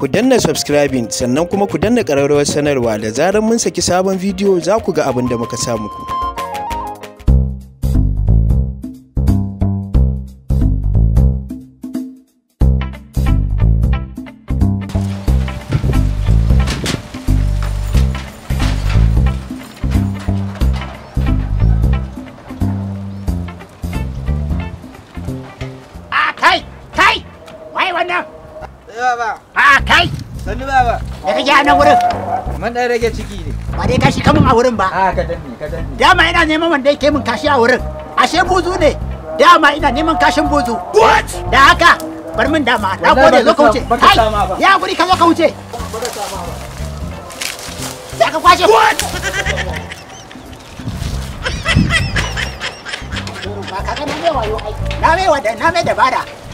ku danna subscribing sannan kuma ku danna ƙararrawar sanarwa da zarar mun saki sabon bidiyo za ku ga abin da muka sa muku. Yeah, that. kai sannu baba da kake a nan wurin mun dan rage ciki ne ba dai kashi kamun a wurin ba a ka danne ka danne dama ina neman wanda yake min kashi a wurin ashe buzu ne dama ina neman kashin buzu what da haka bar min dama na gode zo ka wuce kai ya guri ka zo ka wuce za ka kwashe what ba ka ga na mai wayo ai na mai wada na mai dabara